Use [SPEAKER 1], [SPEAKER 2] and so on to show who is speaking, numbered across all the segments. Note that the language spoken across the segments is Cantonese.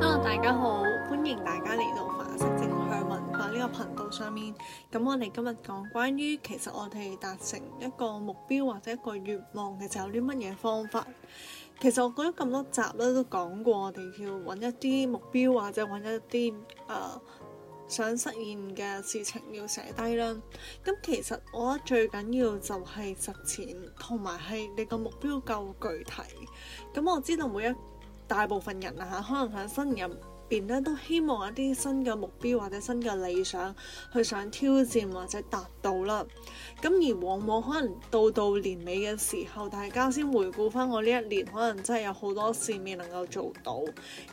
[SPEAKER 1] Hello 大家好，歡迎大家嚟到凡式正向文化呢個頻道上面。咁我哋今日講關於其實我哋達成一個目標或者一個願望嘅就是，有啲乜嘢方法。其實我講咗咁多集啦，都講過我哋要搵一啲目標或者搵一啲誒、呃、想實現嘅事情要寫低啦。咁其實我覺得最緊要就係實踐，同埋係你個目標夠具體。咁我知道每一。大部分人啊可能喺心入邊咧，都希望一啲新嘅目標或者新嘅理想，去想挑戰或者達到啦。咁而往往可能到到年尾嘅時候，大家先回顧翻我呢一年，可能真係有好多事未能夠做到。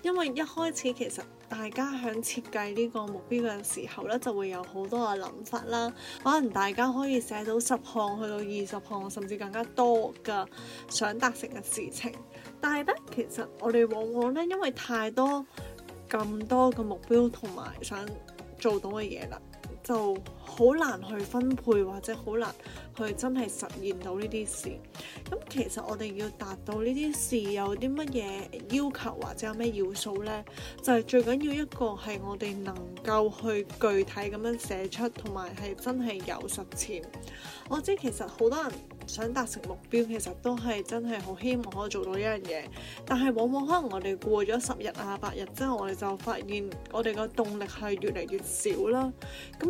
[SPEAKER 1] 因為一開始其實大家響設計呢個目標嘅時候咧，就會有好多嘅諗法啦。可能大家可以寫到十項去到二十項甚至更加多嘅想達成嘅事情。但係咧，其實我哋往往咧，因為太多咁多嘅目標同埋想做到嘅嘢啦，就好難去分配，或者好難去真係實現到呢啲事。咁其實我哋要達到呢啲事，有啲乜嘢要求或者有咩要素咧？就係最緊要一個係我哋能夠去具體咁樣寫出，同埋係真係有實踐。我知其實好多人想達成目標其實都係真係好希望可以做到一樣嘢，但係往往可能我哋過咗十日啊八日之後，我哋就發現我哋嘅動力係越嚟越少啦。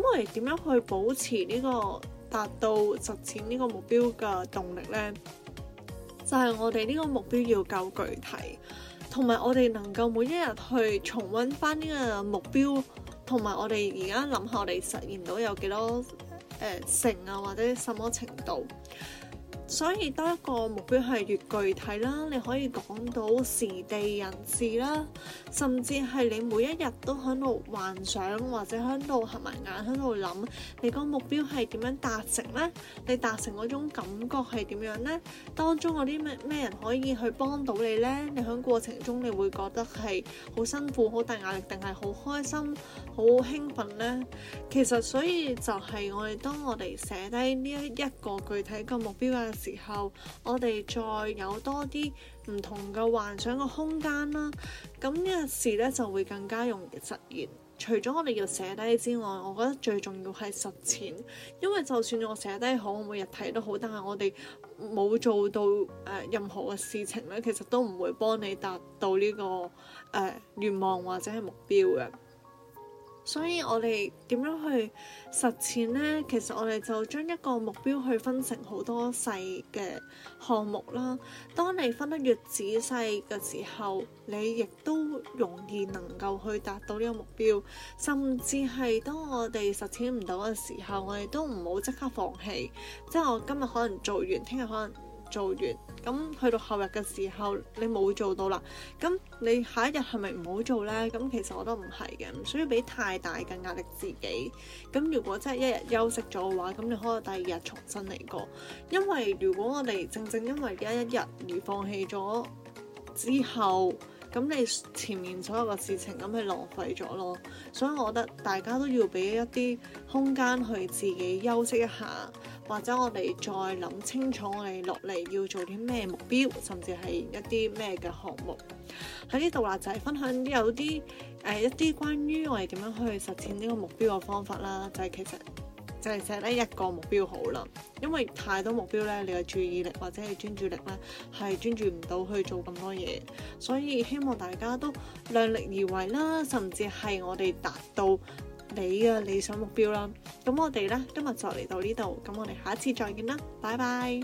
[SPEAKER 1] 咁我哋點樣去保持呢個達到實踐呢個目標嘅動力呢？就係、是、我哋呢個目標要夠具體，同埋我哋能夠每一日去重溫翻呢個目標，同埋我哋而家諗下我哋實現到有幾多成、呃、啊，或者什麼程度？所以多一個目標係越具體啦，你可以講到時地人士啦，甚至係你每一日都喺度幻想，或者喺度合埋眼喺度諗，你個目標係點樣達成咧？你達成嗰種感覺係點樣咧？當中嗰啲咩咩人可以去幫到你咧？你喺過程中你會覺得係好辛苦好大壓力，定係好開心好興奮咧？其實所以就係我哋當我哋寫低呢一一個具體嘅目標嘅。時候，我哋再有多啲唔同嘅幻想嘅空間啦。咁呢件事咧就會更加容易實現。除咗我哋要寫低之外，我覺得最重要係實踐。因為就算我寫低好，我每日睇都好，但係我哋冇做到誒、呃、任何嘅事情咧，其實都唔會幫你達到呢、這個誒呃、願望或者係目標嘅。所以我哋點樣去實踐咧？其實我哋就將一個目標去分成好多細嘅項目啦。當你分得越仔細嘅時候，你亦都容易能夠去達到呢個目標，甚至係當我哋實踐唔到嘅時候，我哋都唔好即刻放棄，即係我今日可能做完，聽日可能。做完咁，去到後日嘅時候你冇做到啦，咁你下一日係咪唔好做呢？咁其實我都唔係嘅，唔需要俾太大嘅壓力自己。咁如果真係一日休息咗嘅話，咁你可以第二日重新嚟過。因為如果我哋正正因為而家一日而放棄咗之後，咁你前面所有嘅事情咁咪浪費咗咯。所以我覺得大家都要俾一啲空間去自己休息一下。或者我哋再諗清楚我哋落嚟要做啲咩目標，甚至係一啲咩嘅項目喺呢度啦，就係分享有啲誒一啲關於我哋點樣去實踐呢個目標嘅方法啦。就係、是、其實就係 set 呢一個目標好啦，因為太多目標呢，你嘅注意力或者係專注力呢，係專注唔到去做咁多嘢，所以希望大家都量力而為啦，甚至係我哋達到。你嘅理想目標啦，咁我哋咧今日就嚟到呢度，咁我哋下一次再見啦，拜拜。